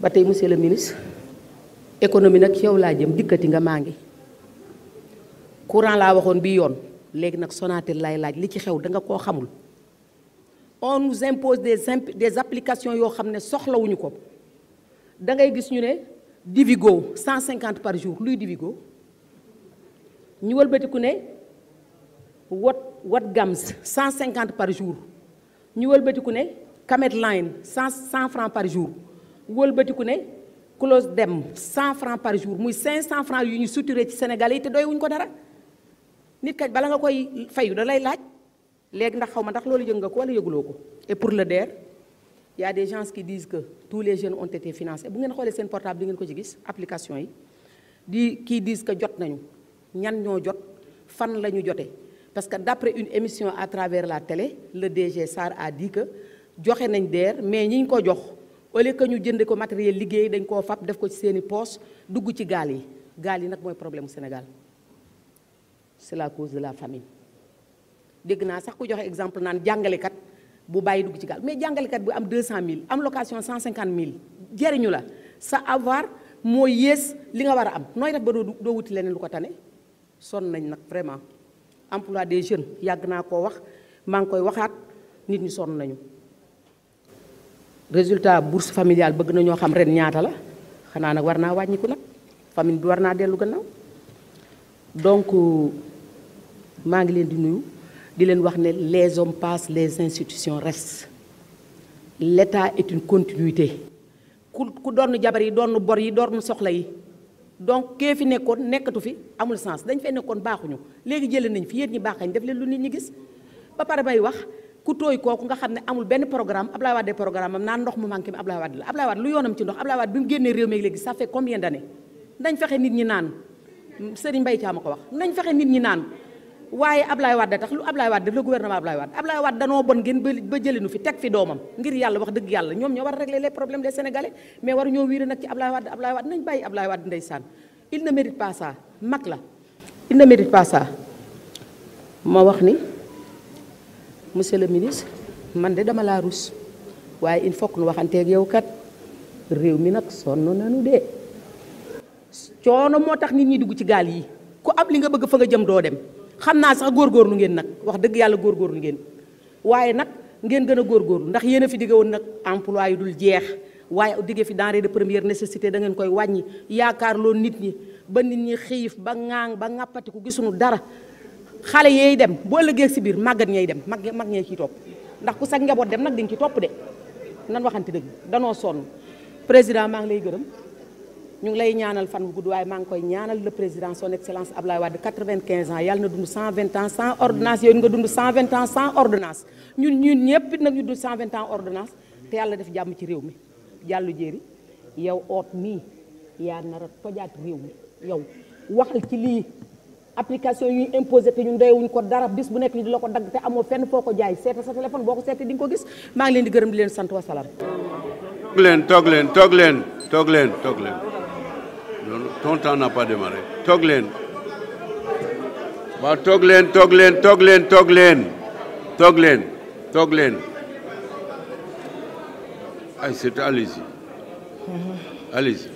ba tey monsieur le ministre économie nag yow laa jëm dikkati nga maa ngi courant laa waxoon bii yoon léegi nag Sonatel lay laaj li ci xew danga koo xamul on nous impose des des applications yoo xam ne soxlawuñu ko da ngay gis ñu ne Divigo 150 par jour luy Divigo ñu wëlbatiku ne Wat cent 150 par jour ñu wëlbatiku ne Camet Line 100 100 francs par jour. wëlbatiku ne close dem cent francs par jour muy cent francs yu ñu suturé ci Sénégalais yi te doy wuñ ko dara nit kat bala nga koy fayu dalay laaj léegi ndax xaw ma ndax loolu yëg nga ko wala yëguloo ko et pour le DER y a des gens qui disent que tous les jeunes ont été financés bu ngeen xoolee seen portable di ngeen ko ci gis application yi di qui disent que jot nañu ñan ñoo jot fan la ñu jotee parce que d'après une émission à travers la télé le DG Sarr a dit que joxe nañ DER mais ñi ñu ko jox au lieu que ñu jënd ko matériel liggéey dañ koo fab def ko ci seeni poos dugg ci gaal yi gaal yi nag mooy problème mu Sénégal c'est la cause de la famine dégg naa sax ku joxe exemple naan jàngalekat bu bàyyi dugg ci gaal mais jàngalekat bi am 200000 am location 150000 jariñu la sa avoir moo yées li nga war a am nooy def ba doo doo wuti leneen lu ko tane sonn nañ nag vraiment emplois des jeunes yàgg naa koo wax maa ngi koy waxaat nit ñi sonn nañu. résultat bourse familiale bëgg na ñoo xam ren ñaata la xanaa nag war naa wàññiku nag famille bi war naa dellu gannaaw donc euh, maa ngi leen di nuyu di leen wax ne les hommes passent les institutions res l'état est une continuité ku ku jabar yi doon bor yi doon soxla yi donc kee fi nekkoon nekkatu fi amul sens dañ fay nekkoon baaxuñu léegi jëlee nañ fi yéen ñi baax nañ def leen lu nit ñi gis ba pare bay wax ku tooy kooku nga xam ne amul benn programme Ablaye Wade programme naan ndox mu manqué mi Ablaye Wade la Ablaye Wade lu yoonam ci ndox Ablaye Wade bi mu génnee réew mi léegi ça fait combien d'années nañ fexe nit ñi naan Serigne Mbaye Thiam a ko wax nañ fexe nit ñi naan waaye Ablaye Wade tax lu Ablaye Wade def la gouvernement Ablaye Wade Ablaye Wade danoo bon ngeen ba jëlinu fi teg fi doomam ngir yàlla wax dëgg yàlla ñoom ñoo war a régler les problèmes des sénégalais mais war ñoo wiire nag ci Ablaye Wade Ablaye Wade nañ bàyyi Ablaye Wade ndeysaan mag la il ne mérite pas wax ni monsieur le ministre man de dama laa rus waaye il faut que nu waxanteeg yow kat réew mi nag sonn nanu de coono moo tax nit ñi dugg ci gaal yi ku am li nga bëgg fa nga jëm doo dem xam naa sax lu ngeen nag wax dëgg yàlla góorgóorlu ngeen waaye nag ngeen gën a góor góorgóorlu ndax yéen fi digge woon nag emploi yu dul jeex waaye digge fi denrée de première nécessité da ngeen koy wàññi yaakaar loolu nit ñi ba nit ñi xiif ba ŋaang ba ŋàppatiku gisuñu dara xale yeey dem boo bu ëllëgee si biir màggat ñay dem mag mag ñee ciy topp ndax ku sag njaboot dem nag di nga ci topp de nan waxante dëgg danoo sonn président maa ngi lay gërëm ñu ngi lay ñaanal fan wu gudd waaye maa ngi koy ñaanal le président son excellence Ablaye Wade 95 ans yàlla na dund 120 ans sans ordonnance yooyu nga dund 120 ans sans ordonnance ñun ñun ñëpp it nag ñu dund 120 ans ordonnance te yàlla def jàmm ci réew mi jàllu jéeri yow oot mii yaa nar a tojaat réew yow waxal ci lii application yuy imposé te ñun doyewuñ ko dara bis bu nekk ñu di la ko dagg te amoo fenn foo ko jaay seeta sa téléphone boo ko seetee di ko gis maa ngi leen di gërëm di leen sant wasalaam. toog leen toog leen toog leen toog leen toog leen ton temps toog leen waaw toog leen toog leen toog leen toog leen toog leen toog leen ay c'est allez